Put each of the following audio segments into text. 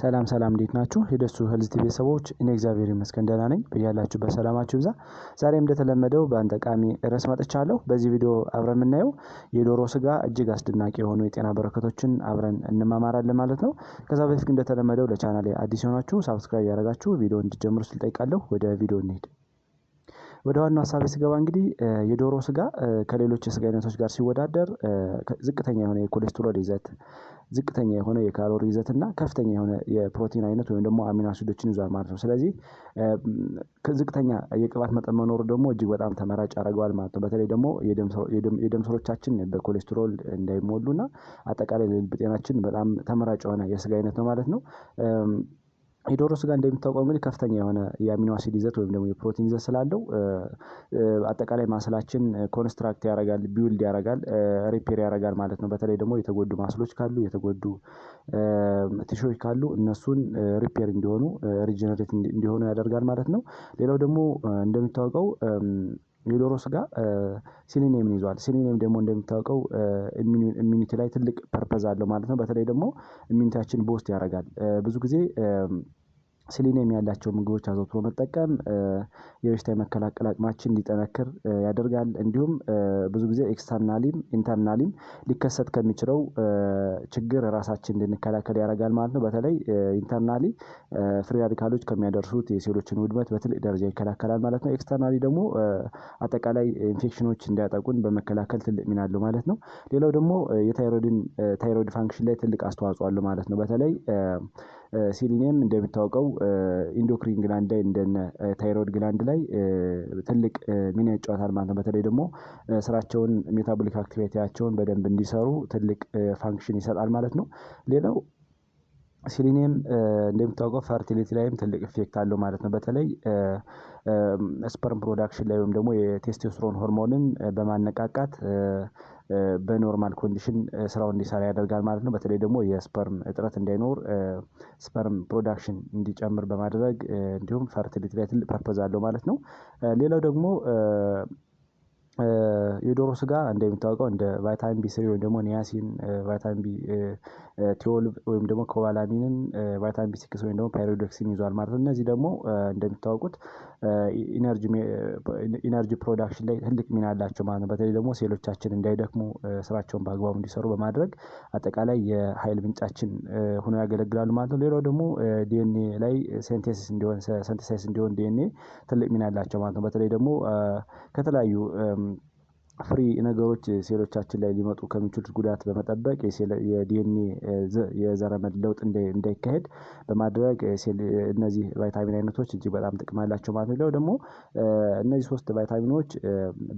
ሰላም ሰላም እንዴት ናችሁ? የደሱ ሄልዝ ቲዩብ ቤተሰቦች እኔ እግዚአብሔር ይመስገን ደህና ነኝ። በያላችሁ በሰላማችሁ ብዛ። ዛሬም እንደተለመደው በአንድ ጠቃሚ ርዕስ መጥቻለሁ። በዚህ ቪዲዮ አብረን የምናየው የዶሮ ስጋ እጅግ አስደናቂ የሆኑ የጤና በረከቶችን አብረን እንማማራለን ማለት ነው። ከዛ በፊት እንደተለመደው ለቻናሌ አዲስ የሆናችሁ ሳብስክራይብ ያደረጋችሁ ቪዲዮ እንዲጀምሩ ስል ጠይቃለሁ። ወደ ቪዲዮ እንሄድ። ወደ ዋናው ሀሳቤ ስገባ እንግዲህ የዶሮ ስጋ ከሌሎች የስጋ አይነቶች ጋር ሲወዳደር ዝቅተኛ የሆነ የኮሌስትሮል ይዘት ዝቅተኛ የሆነ የካሎሪ ይዘት እና ከፍተኛ የሆነ የፕሮቲን አይነት ወይም ደግሞ አሚኖ አሲዶችን ይዟል ማለት ነው። ስለዚህ ዝቅተኛ የቅባት መጠን መኖሩ ደግሞ እጅግ በጣም ተመራጭ ያደርገዋል ማለት ነው። በተለይ ደግሞ የደም ስሮቻችን በኮሌስትሮል እንዳይሞሉ እና አጠቃላይ ለልብ ጤናችን በጣም ተመራጭ የሆነ የስጋ አይነት ነው ማለት ነው። የዶሮ ስጋ እንደሚታወቀው እንግዲህ ከፍተኛ የሆነ የአሚኖ አሲድ ይዘት ወይም ደግሞ የፕሮቲን ይዘት ስላለው አጠቃላይ ማስላችን ኮንስትራክት ያረጋል፣ ቢውልድ ያረጋል ሪፔር ያረጋል ማለት ነው። በተለይ ደግሞ የተጎዱ ማስሎች ካሉ የተጎዱ ቲሾች ካሉ እነሱን ሪፔር እንዲሆኑ ሪጀነሬት እንዲሆኑ ያደርጋል ማለት ነው። ሌላው ደግሞ እንደሚታወቀው የዶሮ ስጋ ሲሊኒየምን ይዟል። ሲሊኒየም ደግሞ እንደሚታወቀው ኢሚኒቲ ላይ ትልቅ ፐርፐዝ አለው ማለት ነው። በተለይ ደግሞ ኢሚኒቲያችን ቦስት ያደርጋል ብዙ ጊዜ ሲሊኒየም ያላቸው ምግቦች አዘውትሮ መጠቀም የበሽታ የመከላከል አቅማችን እንዲጠነክር ያደርጋል። እንዲሁም ብዙ ጊዜ ኤክስተርናሊም ኢንተርናሊም ሊከሰት ከሚችለው ችግር ራሳችን እንድንከላከል ያደርጋል ማለት ነው። በተለይ ኢንተርናሊ ፍሪ ራዲካሎች ከሚያደርሱት የሴሎችን ውድመት በትልቅ ደረጃ ይከላከላል ማለት ነው። ኤክስተርናሊ ደግሞ አጠቃላይ ኢንፌክሽኖች እንዲያጠቁን በመከላከል ትልቅ ሚና አለው ማለት ነው። ሌላው ደግሞ የታይሮይድን ታይሮይድ ፋንክሽን ላይ ትልቅ አስተዋጽኦ አለው ማለት ነው። በተለይ ሲሊኒየም እንደሚታወቀው ኢንዶክሪን ግላንድ ላይ እንደነ ታይሮይድ ግላንድ ላይ ትልቅ ሚና ይጫወታል ማለት ነው። በተለይ ደግሞ ስራቸውን ሜታቦሊክ አክቲቪቲያቸውን በደንብ እንዲሰሩ ትልቅ ፋንክሽን ይሰጣል ማለት ነው። ሌላው ሲሊኒየም እንደሚታወቀው ፈርቲሊቲ ላይም ትልቅ ኢፌክት አለው ማለት ነው። በተለይ ስፐርም ፕሮዳክሽን ላይ ወይም ደግሞ የቴስቴስትሮን ሆርሞንን በማነቃቃት በኖርማል ኮንዲሽን ስራው እንዲሰራ ያደርጋል ማለት ነው። በተለይ ደግሞ የስፐርም እጥረት እንዳይኖር ስፐርም ፕሮዳክሽን እንዲጨምር በማድረግ እንዲሁም ፈርቲሊቲ ላይ ትልቅ ፐርፖዝ አለው ማለት ነው። ሌላው ደግሞ የዶሮ ስጋ እንደሚታወቀው እንደ ቫይታሚን ቢ ስሪ ወይም ደግሞ ኒያሲን ቫይታሚን ቢ ቴዎል ወይም ደግሞ ኮባላሚንን ቫይታሚን ቢሲክስ ወይም ደግሞ ፓይሮዶክሲን ይዟል ማለት ነው። እነዚህ ደግሞ እንደሚታወቁት ኢነርጂ ፕሮዳክሽን ላይ ትልቅ ሚና አላቸው ማለት ነው። በተለይ ደግሞ ሴሎቻችን እንዳይደክሙ ስራቸውን በአግባቡ እንዲሰሩ በማድረግ አጠቃላይ የኃይል ምንጫችን ሆነው ያገለግላሉ ማለት ነው። ሌላው ደግሞ ዲኤንኤ ላይ ሴንቴሲስ እንዲሆን ሴንቴሳይስ እንዲሆን ዲኤንኤ ትልቅ ሚና አላቸው ማለት ነው። በተለይ ደግሞ ከተለያዩ ፍሪ ነገሮች ሴሎቻችን ላይ ሊመጡ ከሚችሉት ጉዳት በመጠበቅ የዲኤንኤ የዘረመድ ለውጥ እንዳይካሄድ በማድረግ እነዚህ ቫይታሚን አይነቶች እጅግ በጣም ጥቅም አላቸው ማለት ነው። ሌላው ደግሞ እነዚህ ሶስት ቫይታሚኖች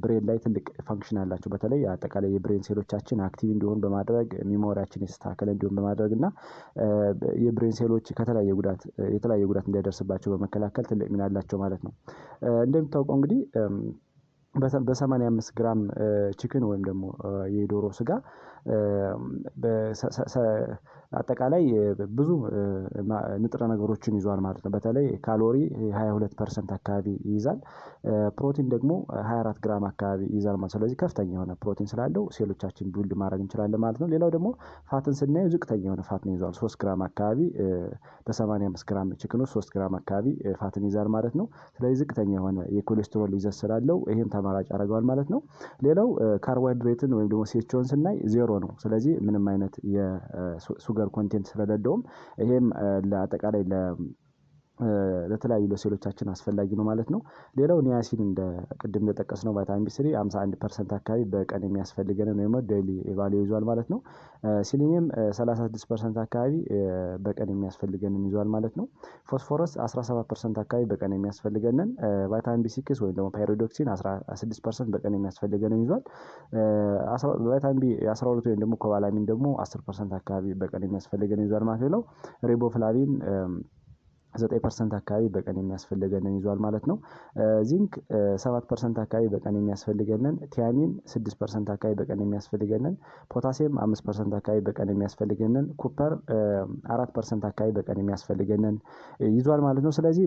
ብሬን ላይ ትልቅ ፋንክሽን አላቸው። በተለይ አጠቃላይ የብሬን ሴሎቻችን አክቲቭ እንዲሆን በማድረግ ሚሞሪያችን የተስተካከለ እንዲሆን በማድረግ እና የብሬን ሴሎች ከተለያየ ጉዳት የተለያየ ጉዳት እንዳይደርስባቸው በመከላከል ትልቅ ሚና አላቸው ማለት ነው። እንደሚታወቀው እንግዲህ በ85 ግራም ችክን ወይም ደግሞ የዶሮ ስጋ አጠቃላይ ብዙ ንጥረ ነገሮችን ይዟል ማለት ነው። በተለይ ካሎሪ 22 ሁለት ፐርሰንት አካባቢ ይይዛል። ፕሮቲን ደግሞ 24 ግራም አካባቢ ይይዛል ማለት ስለዚህ ከፍተኛ የሆነ ፕሮቲን ስላለው ሴሎቻችን ቢውልድ ማድረግ እንችላለን ማለት ነው። ሌላው ደግሞ ፋትን ስናየው ዝቅተኛ የሆነ ፋትን ይዟል 3 ግራም አካባቢ በ85 ግራም ችክኖ 3 ግራም አካባቢ ፋትን ይዛል ማለት ነው። ስለዚህ ዝቅተኛ የሆነ የኮሌስትሮል ይዘት ስላለው ይሄም ተመራጭ ያደርገዋል ማለት ነው። ሌላው ካርቦሃይድሬትን ወይም ደግሞ ሴቾን ስናይ ዜሮ ዜሮ ነው። ስለዚህ ምንም አይነት የሱገር ኮንቴንት ስለሌለውም ይሄም ለአጠቃላይ ለ ለተለያዩ ለሴሎቻችን አስፈላጊ ነው ማለት ነው። ሌላው ኒያሲን እንደ ቅድም እንደጠቀስ ነው ቫይታሚን ቢ ስሪ ሃምሳ አንድ ፐርሰንት አካባቢ በቀን የሚያስፈልገን ወይም ዴይሊ ቫልዩ ይዟል ማለት ነው። ሲሊኒየም ሰላሳ ስድስት ፐርሰንት አካባቢ በቀን የሚያስፈልገንን ይዟል ማለት ነው። ፎስፎረስ አስራ ሰባት ፐርሰንት አካባቢ በቀን የሚያስፈልገንን ቫይታሚን ቢ ሲክስ ወይም ደግሞ ፓይሮዶክሲን ስድስት ፐርሰንት በቀን የሚያስፈልገንን ይዟል። ቫይታሚን ቢ አስራ ሁለት ወይም ደግሞ ኮቫላሚን ደግሞ አስር ፐርሰንት አካባቢ በቀን የሚያስፈልገን ይዟል ማለት ነው። ሪቦፍላቪን ዘጠኝ ፐርሰንት አካባቢ በቀን የሚያስፈልገንን ይዟል ማለት ነው። ዚንክ 7 ፐርሰንት አካባቢ በቀን የሚያስፈልገንን፣ ቲያሚን ስድስት ፐርሰንት አካባቢ በቀን የሚያስፈልገንን፣ ፖታሲየም አምስት ፐርሰንት አካባቢ በቀን የሚያስፈልገንን፣ ኩፐር 4 ፐርሰንት አካባቢ በቀን የሚያስፈልገንን ይዟል ማለት ነው። ስለዚህ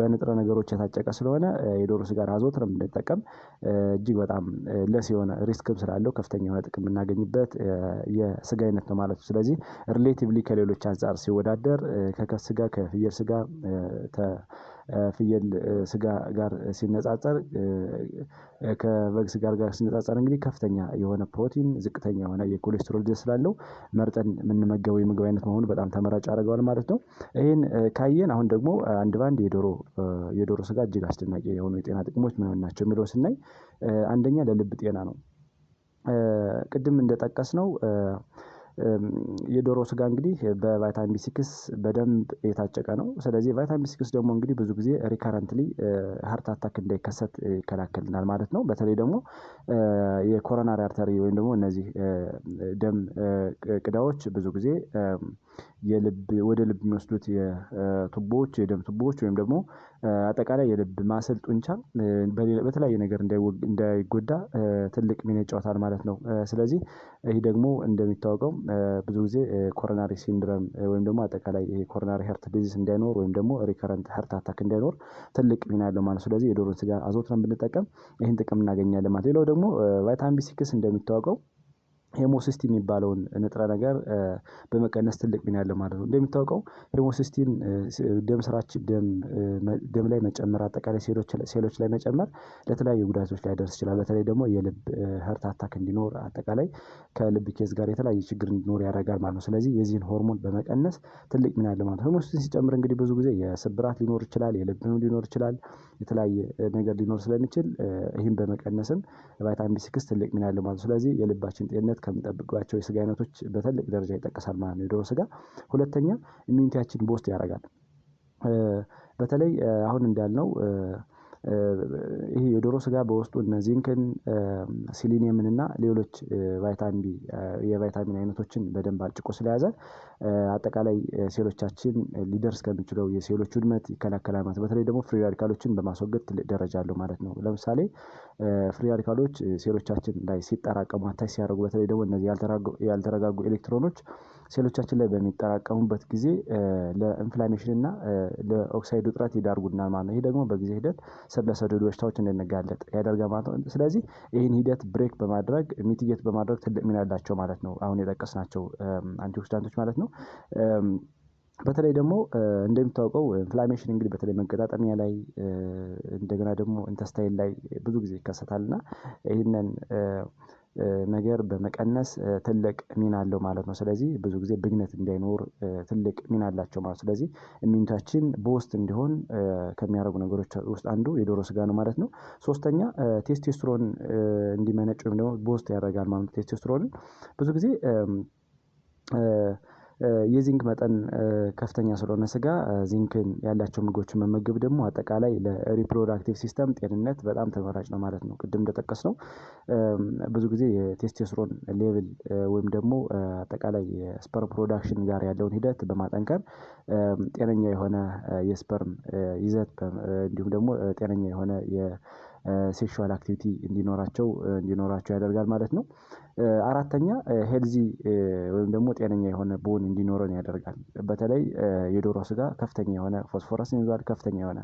በንጥረ ነገሮች የታጨቀ ስለሆነ የዶሮ ስጋን አዘውትር የምንጠቀም እጅግ በጣም ለስ የሆነ ሪስክም ስላለው ከፍተኛ የሆነ ጥቅም የምናገኝበት የስጋ አይነት ነው ማለት ነው። ስለዚህ ሪሌቲቭሊ ከሌሎች አንጻር ሲወዳደር ከከብት ስጋ ከፍየል ስጋ ከፍየል ስጋ ጋር ሲነጻጸር ከበግ ስጋ ጋር ሲነጻጸር እንግዲህ ከፍተኛ የሆነ ፕሮቲን ዝቅተኛ የሆነ የኮሌስትሮል ይዘት ስላለው መርጠን የምንመገበው የምግብ አይነት መሆኑ በጣም ተመራጭ ያደርገዋል ማለት ነው። ይህን ካየን አሁን ደግሞ አንድ በአንድ የዶሮ ስጋ እጅግ አስደናቂ የሆኑ የጤና ጥቅሞች ምን ናቸው የሚለው ስናይ አንደኛ ለልብ ጤና ነው። ቅድም እንደጠቀስ ነው። የዶሮ ስጋ እንግዲህ በቫይታሚን ቢሲክስ በደንብ የታጨቀ ነው። ስለዚህ ቫይታሚን ቢሲክስ ደግሞ እንግዲህ ብዙ ጊዜ ሪከረንትሊ ሀርት አታክ እንዳይከሰት ይከላከልናል ማለት ነው። በተለይ ደግሞ የኮሮናሪ አርተሪ ወይም ደግሞ እነዚህ ደም ቅዳዎች ብዙ ጊዜ የልብ ወደ ልብ የሚወስዱት የቱቦዎች የደም ቱቦዎች ወይም ደግሞ አጠቃላይ የልብ ማሰል ጡንቻ በተለያየ ነገር እንዳይጎዳ ትልቅ ሚና ይጫወታል ማለት ነው። ስለዚህ ይህ ደግሞ እንደሚታወቀው ብዙ ጊዜ ኮሮናሪ ሲንድረም ወይም ደግሞ አጠቃላይ ኮሮናሪ ሄርት ዲዚዝ እንዳይኖር ወይም ደግሞ ሪከረንት ሄርት አታክ እንዳይኖር ትልቅ ሚና ያለው ማለት ስለዚህ የዶሮን ስጋ አዘውትረን ብንጠቀም ይህን ጥቅም እናገኛለን ማለት ሌላው ደግሞ ቫይታሚን ቢ ሲክስ እንደሚታወቀው ሄሞሲስቲን የሚባለውን ንጥረ ነገር በመቀነስ ትልቅ ሚና ያለው ማለት ነው። እንደሚታወቀው ሄሞሲስቲን ደም ስራችን ደም ላይ መጨመር አጠቃላይ ሴሎች ላይ መጨመር ለተለያዩ ጉዳቶች ሊያደርስ ይችላል። በተለይ ደግሞ የልብ ህርት አታክ እንዲኖር አጠቃላይ ከልብ ኬዝ ጋር የተለያየ ችግር እንዲኖር ያደርጋል ማለት ነው። ስለዚህ የዚህን ሆርሞን በመቀነስ ትልቅ ሚና ያለው ማለት ነው። ሄሞሲስቲን ሲጨምር እንግዲህ ብዙ ጊዜ የስብራት ሊኖር ይችላል፣ የልብ ህመም ሊኖር ይችላል፣ የተለያየ ነገር ሊኖር ስለሚችል ይህን በመቀነስም ቫይታሚን ቢ ሲክስ ትልቅ ሚና ያለው ማለት ነው። ስለዚህ የልባችን ጤንነት ሰውነት ከሚጠብቅባቸው የስጋ አይነቶች በትልቅ ደረጃ ይጠቀሳል ማለት ነው የዶሮ ስጋ። ሁለተኛ ኢሚኒቲያችን ቦስት ያደርጋል። በተለይ አሁን እንዳልነው ይሄ የዶሮ ስጋ በውስጡ እነ ዚንክን ሲሊኒየምን እና ሌሎች ቫይታሚን ቢ የቫይታሚን አይነቶችን በደንብ አጭቆ ስለያዘ አጠቃላይ ሴሎቻችን ሊደርስ ከሚችለው የሴሎች ውድመት ይከላከላል ማለት ነው። በተለይ ደግሞ ፍሪ ራዲካሎችን በማስወገድ ትልቅ ደረጃ አለው ማለት ነው። ለምሳሌ ፍሪ ራዲካሎች ሴሎቻችን ላይ ሲጠራቀሙ አታች ሲያደርጉ በተለይ ደግሞ እነዚህ ያልተረጋጉ ኤሌክትሮኖች ሴሎቻችን ላይ በሚጠራቀሙበት ጊዜ ለኢንፍላሜሽን እና ለኦክሳይድ ውጥረት ይዳርጉናል ማለት ነው። ይህ ደግሞ በጊዜ ሂደት ስር ለሰደዱ በሽታዎች እንድንጋለጥ ያደርጋል ማለት ነው። ስለዚህ ይህን ሂደት ብሬክ በማድረግ ሚቲጌት በማድረግ ትልቅ ሚና ያላቸው ማለት ነው። አሁን የጠቀስናቸው አንቲኦክሲዳንቶች ማለት ነው። በተለይ ደግሞ እንደሚታወቀው ኢንፍላሜሽን እንግዲህ በተለይ መገጣጠሚያ ላይ እንደገና ደግሞ ኢንተስታይን ላይ ብዙ ጊዜ ይከሰታል እና ይህንን ነገር በመቀነስ ትልቅ ሚና አለው ማለት ነው። ስለዚህ ብዙ ጊዜ ብግነት እንዳይኖር ትልቅ ሚና አላቸው ማለት ስለዚህ ኢሚኒታችን በውስጥ እንዲሆን ከሚያደርጉ ነገሮች ውስጥ አንዱ የዶሮ ስጋ ነው ማለት ነው። ሶስተኛ ቴስቴስትሮን እንዲመነጭ ወይም ደግሞ በውስጥ ያደርጋል ማለት ነው። ቴስቴስትሮንን ብዙ ጊዜ የዚንክ መጠን ከፍተኛ ስለሆነ ስጋ ዚንክን ያላቸው ምግቦችን መመገብ ደግሞ አጠቃላይ ለሪፕሮዳክቲቭ ሲስተም ጤንነት በጣም ተመራጭ ነው ማለት ነው። ቅድም ነው ብዙ ጊዜ የቴስቴስትሮን ሌቭል ወይም ደግሞ አጠቃላይ የስፐርም ፕሮዳክሽን ጋር ያለውን ሂደት በማጠንከር ጤነኛ የሆነ የስፐርም ይዘት እንዲሁም ደግሞ ጤነኛ የሆነ የ ሴክሹዋል አክቲቪቲ እንዲኖራቸው እንዲኖራቸው ያደርጋል ማለት ነው። አራተኛ ሄልዚ ወይም ደግሞ ጤነኛ የሆነ ቦን እንዲኖረን ያደርጋል። በተለይ የዶሮ ስጋ ከፍተኛ የሆነ ፎስፎረስን ይዟል፣ ከፍተኛ የሆነ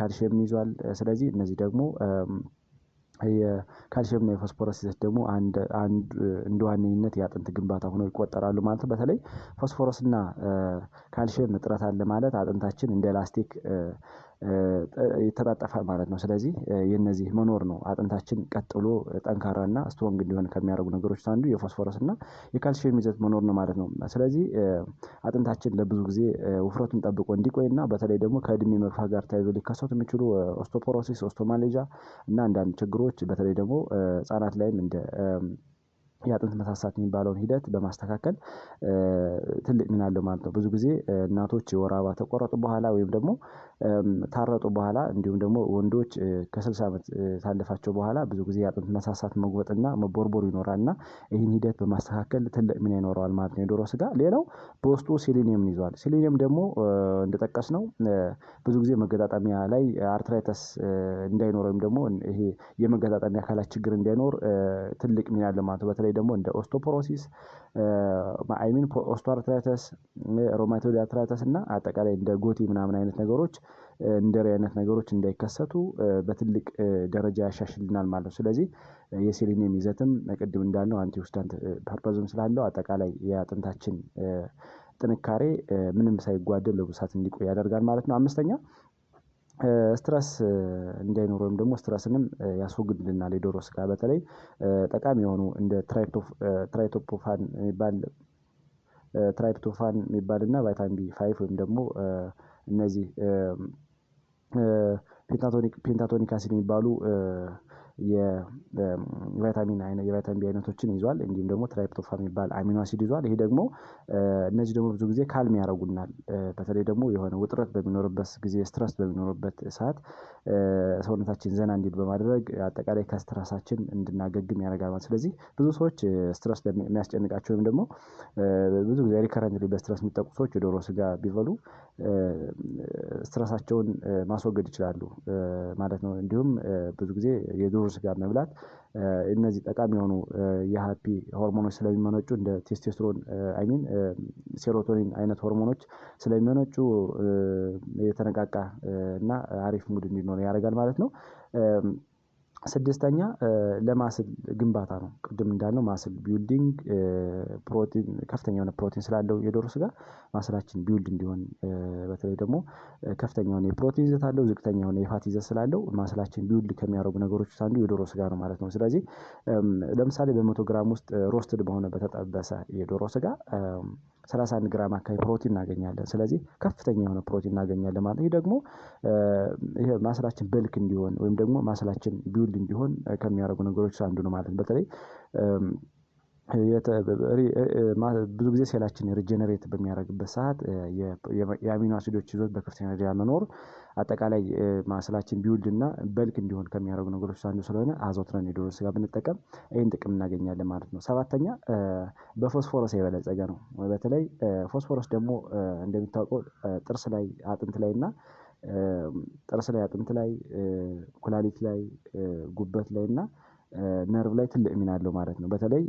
ካልሽየምን ይዟል። ስለዚህ እነዚህ ደግሞ ና የፎስፎረስ ይዘት ደግሞ እንደ ዋነኝነት የአጥንት ግንባታ ሆነው ይቆጠራሉ ማለት ነው። በተለይ ፎስፎረስና ካልሽየም እጥረት አለ ማለት አጥንታችን እንደ ላስቲክ የተጣጠፈ ማለት ነው። ስለዚህ የነዚህ መኖር ነው አጥንታችን ቀጥሎ ጠንካራ ጠንካራና ስትሮንግ እንዲሆን ከሚያደርጉ ነገሮች አንዱ የፎስፎረስ እና የካልሽየም ይዘት መኖር ነው ማለት ነው። ስለዚህ አጥንታችን ለብዙ ጊዜ ውፍረቱን ጠብቆ እንዲቆይና በተለይ ደግሞ ከእድሜ መግፋት ጋር ተያይዞ ሊከሰቱ የሚችሉ ኦስቶፖሮሲስ ኦስቶማሌጃ እና አንዳንድ ችግሮች በተለይ ደግሞ ህጻናት ላይም እንደ የአጥንት መሳሳት የሚባለውን ሂደት በማስተካከል ትልቅ ሚና አለው ማለት ነው። ብዙ ጊዜ እናቶች የወር አበባ ተቆረጡ በኋላ ወይም ደግሞ ታረጡ በኋላ እንዲሁም ደግሞ ወንዶች ከስልሳ ዓመት ታለፋቸው በኋላ ብዙ ጊዜ የአጥንት መሳሳት መጎጥና መቦርቦር ይኖራል እና ይህን ሂደት በማስተካከል ትልቅ ሚና ይኖረዋል ማለት ነው። የዶሮ ስጋ ሌላው በውስጡ ሴሊኒየምን ይዟል ሴሊኒየም ደግሞ እንደጠቀስ ነው ብዙ ጊዜ መገጣጠሚያ ላይ አርትራይተስ እንዳይኖር ወይም ደግሞ ይሄ የመገጣጠሚያ አካላት ችግር እንዳይኖር ትልቅ ሚና አለው ማለት ነው። በተለይ ወይ ደግሞ እንደ ኦስቶፖሮሲስ አይሚን ኦስቶ ሮማቶይድ አርትራይተስ እና አጠቃላይ እንደ ጎቲ ምናምን አይነት ነገሮች እንደሬ አይነት ነገሮች እንዳይከሰቱ በትልቅ ደረጃ ያሻሽልናል ማለት ነው። ስለዚህ የሴሊኒየም ይዘትም ቅድም እንዳለው አንቲኦክሲዳንት ፐርፐዝም ስላለው አጠቃላይ የአጥንታችን ጥንካሬ ምንም ሳይጓደል ለብሳት እንዲቆይ ያደርጋል ማለት ነው። አምስተኛ ስትረስ እንዳይኖር ወይም ደግሞ ስትረስንም ያስወግድልናል። የዶሮ ስጋ በተለይ ጠቃሚ የሆኑ እንደ ትራይቶፖፋን የሚባል ትራይፕቶፋን የሚባል እና ቫይታሚን ቢ ፋይቭ ወይም ደግሞ እነዚህ ፔንታቶኒክ አሲድ የሚባሉ የቫይታሚን የቫይታሚን ቢ አይነቶችን ይዟል። እንዲሁም ደግሞ ትራይፕቶፋ የሚባል አሚኖ አሲድ ይዟል። ይሄ ደግሞ እነዚህ ደግሞ ብዙ ጊዜ ካልም ያደርጉናል። በተለይ ደግሞ የሆነ ውጥረት በሚኖርበት ጊዜ ስትረስ በሚኖርበት ሰዓት ሰውነታችን ዘና እንዲል በማድረግ አጠቃላይ ከስትረሳችን እንድናገግም ያደርጋል። ስለዚህ ብዙ ሰዎች ስትረስ የሚያስጨንቃቸው ወይም ደግሞ ብዙ ጊዜ ሪከረንት በስትረስ የሚጠቁ ሰዎች የዶሮ ስጋ ቢበሉ ስትረሳቸውን ማስወገድ ይችላሉ ማለት ነው። እንዲሁም ብዙ ጊዜ የዶሮ ከዶሮ ስጋ መብላት እነዚህ ጠቃሚ የሆኑ የሃፒ ሆርሞኖች ስለሚመነጩ እንደ ቴስቴስትሮን አይሚን ሴሮቶኒን አይነት ሆርሞኖች ስለሚመነጩ የተነቃቃ እና አሪፍ ሙድ እንዲኖር ያደርጋል ማለት ነው። ስድስተኛ ለማስል ግንባታ ነው። ቅድም እንዳልነው ማስል ቢውልዲንግ ፕሮቲን ከፍተኛ የሆነ ፕሮቲን ስላለው የዶሮ ስጋ ማስላችን ቢውልድ እንዲሆን በተለይ ደግሞ ከፍተኛ የሆነ የፕሮቲን ይዘት አለው ዝቅተኛ የሆነ የፋት ይዘት ስላለው ማስላችን ቢውልድ ከሚያደርጉ ነገሮች ውስጥ አንዱ የዶሮ ስጋ ነው ማለት ነው። ስለዚህ ለምሳሌ በመቶ ግራም ውስጥ ሮስትድ በሆነ በተጠበሰ የዶሮ ስጋ 31 ግራም አካባቢ ፕሮቲን እናገኛለን። ስለዚህ ከፍተኛ የሆነ ፕሮቲን እናገኛለን ማለት ነው። ይህ ደግሞ ይሄ ማስላችን በልክ እንዲሆን ወይም ደግሞ ማስላችን ቢውልድ እንዲሆን ከሚያደርጉ ነገሮች አንዱ ነው ማለት ነው። በተለይ ብዙ ጊዜ ሴላችን ሪጀነሬት በሚያደርግበት ሰዓት የአሚኖ አሲዶች ይዞት በከፍተኛ ደረጃ መኖር አጠቃላይ ማስላችን ቢውልድ እና በልክ እንዲሆን ከሚያደርጉ ነገሮች አንዱ ስለሆነ አዘውትረን የዶሮ ስጋ ብንጠቀም ይህን ጥቅም እናገኛለን ማለት ነው። ሰባተኛ በፎስፎረስ የበለፀገ ነው። በተለይ ፎስፎረስ ደግሞ እንደሚታወቀው ጥርስ ላይ አጥንት ላይ እና ጥርስ ላይ አጥንት ላይ ኩላሊት ላይ ጉበት ላይ እና ነርቭ ላይ ትልቅ ሚና አለው ማለት ነው። በተለይ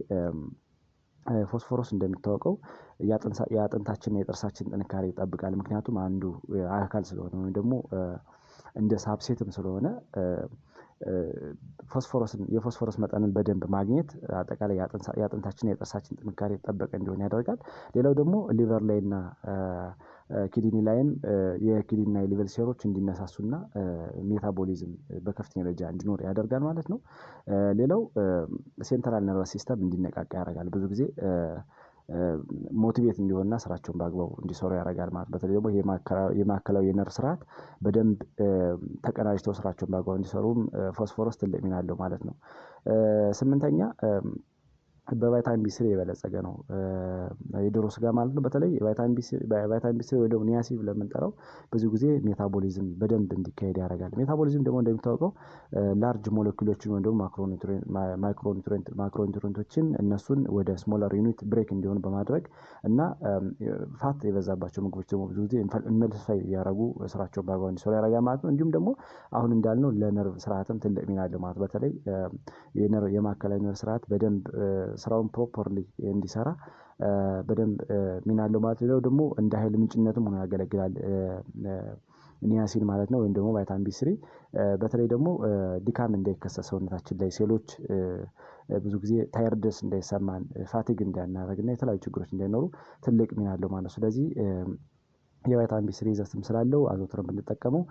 ፎስፎረስ እንደሚታወቀው የአጥንታችንና የጥርሳችን ጥንካሬ ይጠብቃል። ምክንያቱም አንዱ አካል ስለሆነ ወይም ደግሞ እንደ ሳብሴትም ስለሆነ ፎስፎረስን የፎስፎረስ መጠንን በደንብ ማግኘት አጠቃላይ የአጥንታችን የጥርሳችን ጥንካሬ የተጠበቀ እንዲሆን ያደርጋል። ሌላው ደግሞ ሊቨር ላይና ኪድኒ ላይም የኪድኒና የሊቨር ሴሎች እንዲነሳሱና ሜታቦሊዝም በከፍተኛ ደረጃ እንዲኖር ያደርጋል ማለት ነው። ሌላው ሴንትራል ነርቨስ ሲስተም እንዲነቃቃ ያደርጋል ብዙ ጊዜ ሞቲቬት እንዲሆንና ስራቸውን በአግባቡ እንዲሰሩ ያደርጋል ማለት። በተለይ ደግሞ የማዕከላዊ የነርቭ ስርዓት በደንብ ተቀናጅተው ስራቸውን በአግባቡ እንዲሰሩም ፎስፎረስ ትልቅ ሚና አለው ማለት ነው። ስምንተኛ በቫይታሚን ቢስሪ ስሪ የበለፀገ ነው። የዶሮ ስጋ ማለት ነው። በተለይ ቫይታሚን ቢስሪ ወይ ደግሞ ኒያሲቭ ለምንጠራው ብዙ ጊዜ ሜታቦሊዝም በደንብ እንዲካሄድ ያደርጋል። ሜታቦሊዝም ደግሞ እንደሚታወቀው ላርጅ ሞለኪሎችን ወይም ደግሞ ማይክሮኒውትሪንት እነሱን ወደ ስሞላር ዩኒት ብሬክ እንዲሆን በማድረግ እና ፋት የበዛባቸው ምግቦች ደግሞ ብዙ ጊዜ መልፋይ እያደረጉ ስራቸውን በአግባ እንዲሰሩ ያደርጋል ማለት ነው። እንዲሁም ደግሞ አሁን እንዳልነው ለነርቭ ስርዓትም ትልቅ ሚና አለው ማለት በተለይ የማዕከላዊ ነርቭ ስርዓት በደንብ ስራውን ፕሮፐርሊ እንዲሰራ በደንብ ሚና አለው ማለት። ነው። ደግሞ እንደ ሀይል ምንጭነትም ሆኖ ያገለግላል። ኒያሲን ማለት ነው ወይም ደግሞ ቫይታሚን ስሪ በተለይ ደግሞ ድካም እንዳይከሰት ሰውነታችን ላይ ሴሎች ብዙ ጊዜ ታይርደስ እንዳይሰማን ፋቲግ እንዳያናረግ እና የተለያዩ ችግሮች እንዳይኖሩ ትልቅ ሚና አለው ማለት ነው። ስለዚህ የቫይታሚን ቢ3 ይዘትም ስላለው አዘውትረን ብንጠቀመው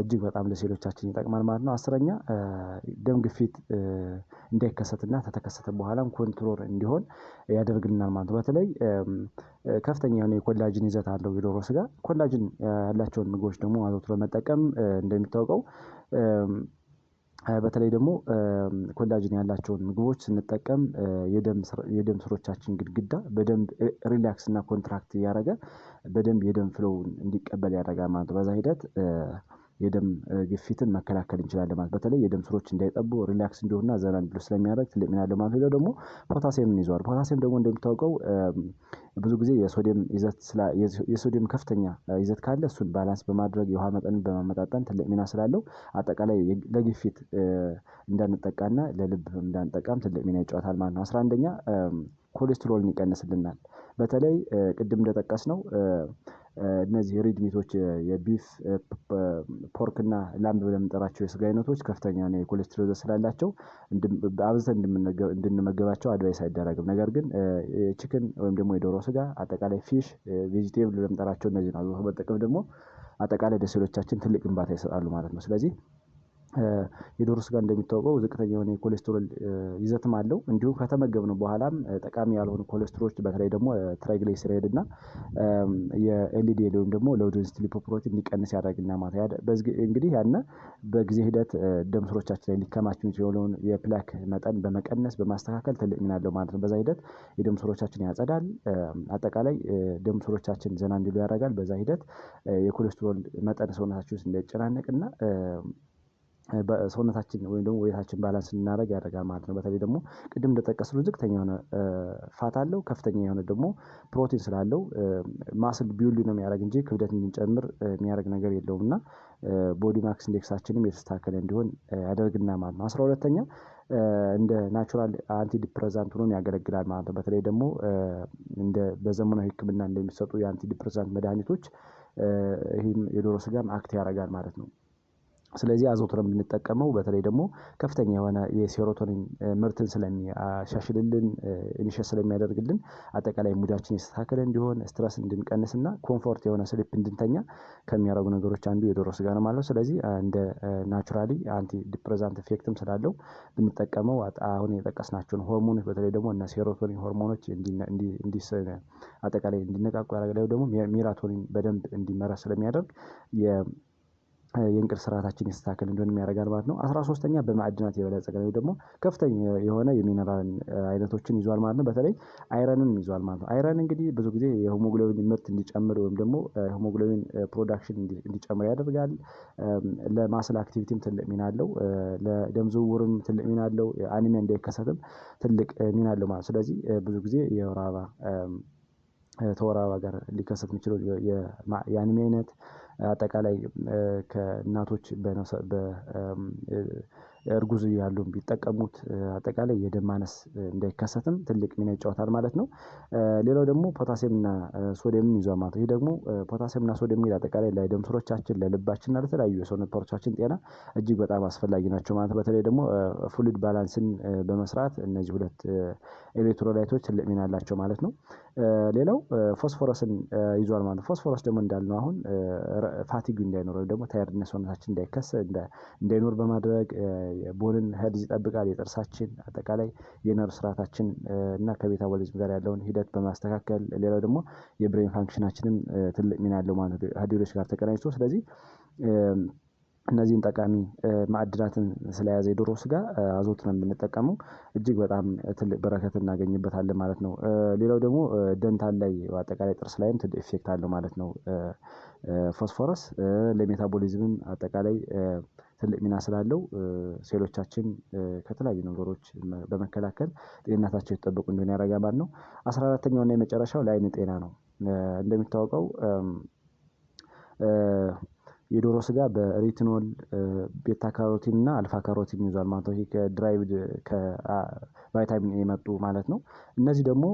እጅግ በጣም ለሴሎቻችን ይጠቅማል ማለት ነው። አስረኛ ደም ግፊት እንዳይከሰትና ከተከሰተ በኋላም ኮንትሮል እንዲሆን ያደርግልናል ማለት ነው። በተለይ ከፍተኛ የሆነ የኮላጅን ይዘት አለው የዶሮ ስጋ ኮላጅን ያላቸውን ምግቦች ደግሞ አዘውትሮ መጠቀም እንደሚታወቀው በተለይ ደግሞ ኮላጅን ያላቸውን ምግቦች ስንጠቀም የደም ስሮቻችን ግድግዳ በደንብ ሪላክስ እና ኮንትራክት እያደረገ በደንብ የደም ፍሎውን እንዲቀበል ያደርጋል ማለት ነው። በዛ ሂደት የደም ግፊትን መከላከል እንችላለን ማለት በተለይ የደም ስሮች እንዳይጠቡ ሪላክስ እንዲሆንና ዘና እንዲሉ ስለሚያደርግ ትልቅ ሚና ለማለት ማለት ሌላው ደግሞ ፖታሲየምን ይዘዋል። ፖታሲየም ደግሞ እንደሚታወቀው ብዙ ጊዜ የሶዲየም ይዘት የሶዲየም ከፍተኛ ይዘት ካለ እሱን ባላንስ በማድረግ የውሃ መጠንን በማመጣጠን ትልቅ ሚና ስላለው አጠቃላይ ለግፊት እንዳንጠቃና ለልብ እንዳንጠቃም ትልቅ ሚና ይጫወታል ማለት ነው። አስራ አንደኛ ኮሌስትሮልን ይቀንስልናል። በተለይ ቅድም እንደጠቀስ ነው። እነዚህ ሪድሚቶች የቢፍ ፖርክ እና ላምብ ብለን የምንጠራቸው የስጋ አይነቶች ከፍተኛ የሆነ የኮሌስትሮል ስላላቸው አብዝተን እንድንመገባቸው አድቫይስ አይደረግም። ነገር ግን ችክን ወይም ደግሞ የዶሮ ስጋ፣ አጠቃላይ ፊሽ፣ ቬጂቴብል ብለን የምንጠራቸው እነዚህን መጠቀም ደግሞ አጠቃላይ ለሴሎቻችን ትልቅ ግንባታ ይሰጣሉ ማለት ነው። ስለዚህ የዶሮ ስጋ እንደሚታወቀው ዝቅተኛ የሆነ የኮሌስትሮል ይዘትም አለው። እንዲሁም ከተመገብነው በኋላም ጠቃሚ ያልሆኑ ኮሌስትሮሎች በተለይ ደግሞ ትራይግሊሰራይድ እና የኤልዲኤል ወይም ደግሞ ሎው ዴንሲቲ ሊፖፕሮቲን እንዲቀንስ ያደርግና ማለት እንግዲህ ያነ በጊዜ ሂደት ደም ስሮቻችን ላይ ሊከማች የሚችለውን የፕላክ መጠን በመቀነስ በማስተካከል ትልቅ ሚና አለው ማለት ነው። በዛ ሂደት የደም ስሮቻችን ያጸዳል። አጠቃላይ ደም ስሮቻችን ዘና እንዲሉ ያደርጋል። በዛ ሂደት የኮሌስትሮል መጠን ሰውነታችን ውስጥ እንዳይጨናነቅ እና ሰውነታችን ወይም ደግሞ ወይታችን ባላንስ እንድናደርግ ያደርጋል ማለት ነው። በተለይ ደግሞ ቅድም እንደጠቀስሉ ዝቅተኛ የሆነ ፋት አለው ከፍተኛ የሆነ ደግሞ ፕሮቲን ስላለው ማስል ቢውልድ ነው የሚያደርግ እንጂ ክብደት እንድንጨምር የሚያደርግ ነገር የለውም። እና ቦዲ ማክስ ኢንዴክሳችንም የተስተካከለ እንዲሆን ያደርግና ማለት ነው። አስራ ሁለተኛ እንደ ናቹራል አንቲ ሆኖም ያገለግላል ማለት ነው። በተለይ ደግሞ እንደ በዘመናዊ ህክምና እንደሚሰጡ የአንቲዲፕረዛንት ዲፕረዛንት መድኃኒቶች ይህም የዶሮ ስጋም አክት ያደርጋል ማለት ነው ስለዚህ አዘውትረን የምንጠቀመው በተለይ ደግሞ ከፍተኛ የሆነ የሴሮቶኒን ምርትን ስለሚያሻሽልልን ኢኒሼት ስለሚያደርግልን አጠቃላይ ሙዳችን የተስተካከለ እንዲሆን ስትረስ እንድንቀንስ እና ኮንፎርት የሆነ ስሊፕ እንድንተኛ ከሚያደረጉ ነገሮች አንዱ የዶሮ ስጋ ነው ማለት ስለዚህ እንደ ናቹራሊ አንቲ ዲፕሬዛንት ኢፌክትም ስላለው ብንጠቀመው አሁን የጠቀስናቸውን ሆርሞኖች በተለይ ደግሞ እነ ሴሮቶኒን ሆርሞኖች አጠቃላይ እንዲነቃቁ ያደርጋል ደግሞ ሜላቶኒን በደንብ እንዲመረስ ስለሚያደርግ የእንቅልፍ ስርዓታችን የተስተካከለ እንዲሆን ያደርጋል ማለት ነው። አስራ ሶስተኛ በማዕድናት የበለፀገ ነው ደግሞ ከፍተኛ የሆነ የሚነራል አይነቶችን ይዟል ማለት ነው። በተለይ አይረንን ይዟል ማለት ነው። አይረን እንግዲህ ብዙ ጊዜ የሆሞግሎቢን ምርት እንዲጨምር ወይም ደግሞ ሆሞግሎቢን ፕሮዳክሽን እንዲጨምር ያደርጋል። ለማስል አክቲቪቲም ትልቅ ሚና አለው። ለደም ዝውውርም ትልቅ ሚና አለው አኒሚያ እንዳይከሰትም ትልቅ ሚና አለው ማለት ስለዚህ ብዙ ጊዜ የወር አበባ አበባ ጋር ሊከሰት የሚችለው የአኒሚያ አይነት አጠቃላይ ከእናቶች እርጉዝ ያሉ ቢጠቀሙት አጠቃላይ የደም ማነስ እንዳይከሰትም ትልቅ ሚና ይጫወታል ማለት ነው። ሌላው ደግሞ ፖታሲየምና ሶዲየምን ይዟል ማለት ነው። ይሄ ደግሞ ፖታሲየምና ሶዲየም እንግዲህ አጠቃላይ ለደም ስሮቻችን ለልባችን እና ለተለያዩ የሰውነት ፓርቶቻችን ጤና እጅግ በጣም አስፈላጊ ናቸው ማለት ነው። በተለይ ደግሞ ፍሉድ ባላንስን በመስራት እነዚህ ሁለት ኤሌክትሮላይቶች ትልቅ ሚና አላቸው ማለት ነው ሌላው ፎስፎረስን ይዟል ማለት ፎስፎረስ ደግሞ እንዳልነው አሁን ፋቲግ እንዳይኖር ወይም ደግሞ ታይርድነት ሰውነታችን እንዳይከስ እንዳይኖር በማድረግ ቦንን ሄልዝ ይጠብቃል። የጥርሳችን አጠቃላይ የነርቭ ስርዓታችን እና ከሜታቦሊዝም ጋር ያለውን ሂደት በማስተካከል ሌላው ደግሞ የብሬን ፋንክሽናችንም ትልቅ ሚና ያለው ማለት ከሌሎች ጋር ተቀናጅቶ ስለዚህ እነዚህን ጠቃሚ ማዕድናትን ስለያዘ የዶሮ ስጋ አዘውትረን የምንጠቀመው እጅግ በጣም ትልቅ በረከት እናገኝበታለን ማለት ነው። ሌላው ደግሞ ደንታል ላይ አጠቃላይ ጥርስ ላይም ትልቅ ኢፌክት አለው ማለት ነው። ፎስፎረስ ለሜታቦሊዝምም አጠቃላይ ትልቅ ሚና ስላለው ሴሎቻችን ከተለያዩ ነገሮች በመከላከል ጤንነታቸው የተጠበቁ እንዲሆን ያደርጋል ማለት ነው። አስራ አራተኛው እና የመጨረሻው ለአይን ጤና ነው። እንደሚታወቀው የዶሮ ስጋ በሬቲኖል ቤታ ካሮቲን እና አልፋ ካሮቲን ይዟል ማለት ነው። ከድራይቭድ ከቫይታሚን የመጡ ማለት ነው። እነዚህ ደግሞ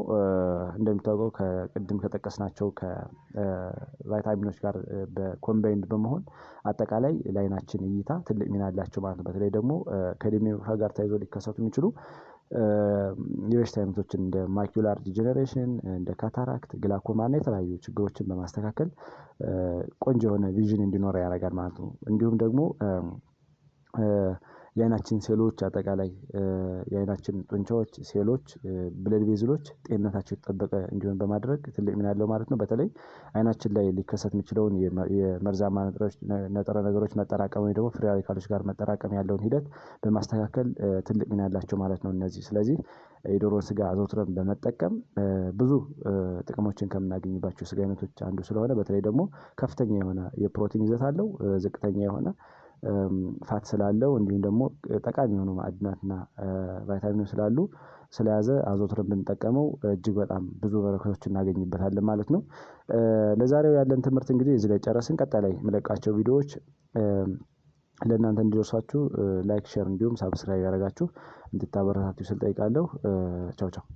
እንደሚታወቀው ከቅድም ከጠቀስናቸው ከቫይታሚኖች ጋር በኮምባይንድ በመሆን አጠቃላይ ለአይናችን እይታ ትልቅ ሚና አላቸው ማለት ነው። በተለይ ደግሞ ከእድሜ ጋር ተያይዞ ሊከሰቱ የሚችሉ የበሽታ አይነቶችን እንደ ማኪላር ዲጀነሬሽን እንደ ካታራክት ግላኮማ እና የተለያዩ ችግሮችን በማስተካከል ቆንጆ የሆነ ቪዥን እንዲኖረው ያደርጋል ማለት ነው። እንዲሁም ደግሞ የአይናችን ሴሎች አጠቃላይ የአይናችን ጡንቻዎች ሴሎች ብለድ ቤዝሎች ጤንነታቸው የተጠበቀ እንዲሆን በማድረግ ትልቅ ሚና ያለው ማለት ነው። በተለይ አይናችን ላይ ሊከሰት የሚችለውን የመርዛማ ንጥረ ነገሮች መጠራቀም ወይ ደግሞ ፍሪ ራዲካሎች ጋር መጠራቀም ያለውን ሂደት በማስተካከል ትልቅ ሚና ያላቸው ማለት ነው። እነዚህ ስለዚህ የዶሮን ስጋ አዘውትረን በመጠቀም ብዙ ጥቅሞችን ከምናገኝባቸው ስጋ አይነቶች አንዱ ስለሆነ በተለይ ደግሞ ከፍተኛ የሆነ የፕሮቲን ይዘት አለው። ዝቅተኛ የሆነ ፋት ስላለው እንዲሁም ደግሞ ጠቃሚ የሆኑ ማዕድናትና ቫይታሚኖች ስላሉ ስለያዘ አዘውትረን ብንጠቀመው እጅግ በጣም ብዙ በረከቶች እናገኝበታለን ማለት ነው። ለዛሬው ያለን ትምህርት እንግዲህ እዚህ ላይ ጨረስን ቀጣይ ላይ የምለቃቸው ቪዲዮዎች ለእናንተ እንዲደርሷችሁ ላይክ ሼር እንዲሁም ሳብስክራይብ ያደረጋችሁ እንድታበረታቱኝ ስል ጠይቃለሁ። ቻው ቻው